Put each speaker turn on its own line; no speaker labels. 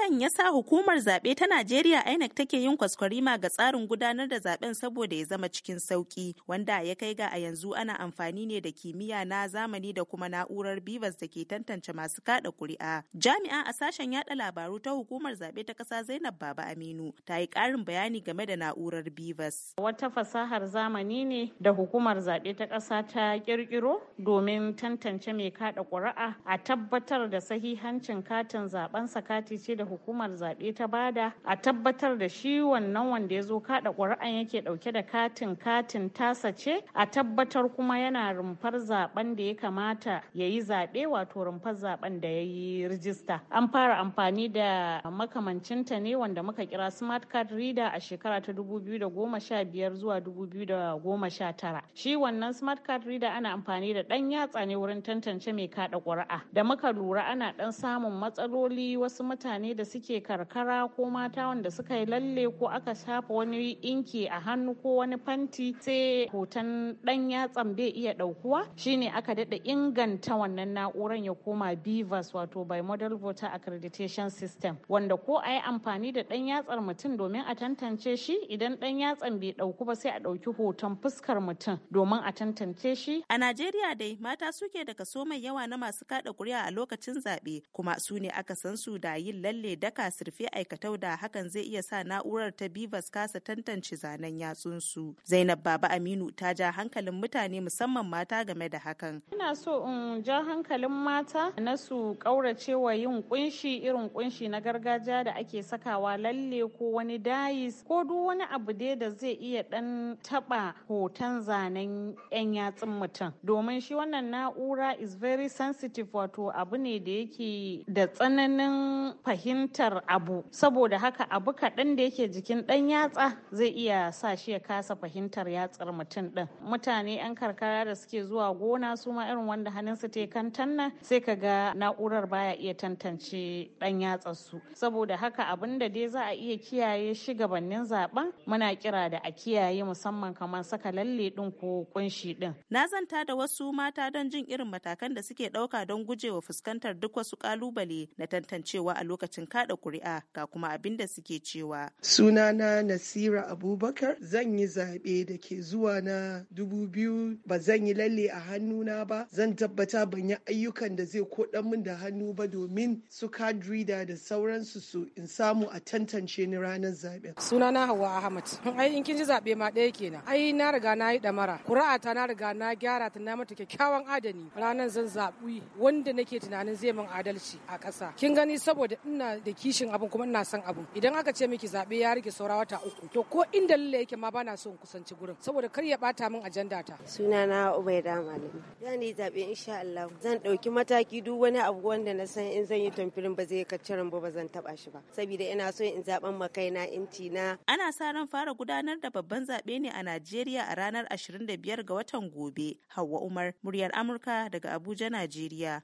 hakan ya sa hukumar zaɓe ta Najeriya INEC take yin kwaskwarima ga tsarin gudanar da zaɓen saboda ya zama cikin sauƙi wanda ya kai ga a yanzu ana amfani ne da kimiyya na zamani da kuma na'urar bivas da ke tantance masu kaɗa ƙuri'a. Jami'a a sashen yaɗa labaru ta hukumar zaɓe ta ƙasa Zainab Baba Aminu ta yi ƙarin bayani game da na'urar bivas.
Wata fasahar zamani ne da hukumar zaɓe ta ƙasa ta ƙirƙiro domin tantance mai kaɗa ƙuri'a a tabbatar da sahihancin katin zaɓen sakati ce da hukumar zaɓe ta bada a tabbatar da shi wannan wanda ya zo kaɗa ƙuri'an yake ɗauke da katin katin tasa ce a tabbatar kuma yana rumfar zaben da ya kamata ya yi zaɓe wato rumfar zaɓen da ya yi rijista an fara amfani da makamancinta ne wanda muka kira smart card reader a shekara ta dubu biyu da goma sha biyar zuwa dubu biyu da goma sha tara shi wannan smart card reader ana amfani da ɗan yatsa ne wurin tantance mai kaɗa ƙuri'a da muka lura ana ɗan samun matsaloli wasu mutane mutane da suke karkara ko mata wanda suka yi lalle ko aka shafa wani inki a hannu ko wani fanti sai hoton dan yatsan bai iya daukuwa shine aka dada inganta wannan na'uran ya koma bivas wato by model voter accreditation system wanda ko a yi amfani da dan yatsar mutum domin a tantance shi idan dan yatsan bai dauku ba sai a dauki hoton fuskar mutum domin a tantance shi a najeriya dai mata
suke da kaso mai yawa na masu kada kuri'a a lokacin zabe kuma su ne aka san su da yin lalle lalle daka surfe aikatau da hakan zai iya sa na'urar ta bivas kasa tantance zanen yatsunsu zainab baba aminu ta ja hankalin mutane musamman mata game da hakan
ina so in ja hankalin mata na su kaurace wa yin kunshi irin kunshi na gargajiya da ake sakawa lalle ko wani dayis ko duk wani abu dai da zai iya dan taba hoton zanen yan yatsun mutum domin shi wannan na'ura is very sensitive wato abu ne da yake da tsananin fahimta fahimtar abu saboda haka abu kaɗan da yake jikin ɗan yatsa zai iya sa shi ya kasa fahimtar yatsar mutum ɗin mutane 'yan karkara da suke zuwa gona su ma irin wanda hannunsu ta kantan nan sai ka ga na'urar baya iya tantance ɗan yatsar su saboda haka abin da dai za a iya kiyaye shi gabanin zaben muna kira da a kiyaye musamman kamar saka lalle ɗin ko kunshi ɗin. Na zanta da wasu mata don jin irin
matakan da suke ɗauka don gujewa fuskantar duk wasu ƙalubale na tantancewa a lokacin lokacin kada kuri'a ga kuma abin da suke cewa.
Sunana Nasira Abubakar zan yi zaɓe da ke zuwa na dubu biyu ba zan yi lalle a hannuna ba zan tabbata ban yi ayyukan da zai koɗan min da hannu ba domin su kadrida da sauransu su in samu a tantance ni ranar zaɓen. Sunana Hauwa Ahmad. Ai in kin ji zaɓe ma ɗaya kenan. Ai na riga na yi ɗamara. Kuri'a ta na riga na gyara ta na mata kyakkyawan adani. Ranar zan zaɓi wanda nake tunanin zai min adalci a ƙasa. Kin gani saboda ina da kishin abin kuma ina son abin idan aka ce miki zaɓe ya rike saura wata uku to ko in dalila yake ma bana son kusanci gurin saboda kar ya bata min ajanda ta
sunana ubaida malami
zan yi zabe insha Allah
zan ɗauki mataki duk wani abu wanda na san in zan yi tamfirin ba zai kaccirin ba zan taba shi ba saboda ina so in zaben makaina inci na ana sa ran fara gudanar da babban zaɓe ne a Najeriya a ranar 25 ga watan gobe Hauwa Umar muryar Amurka daga Abuja Najeriya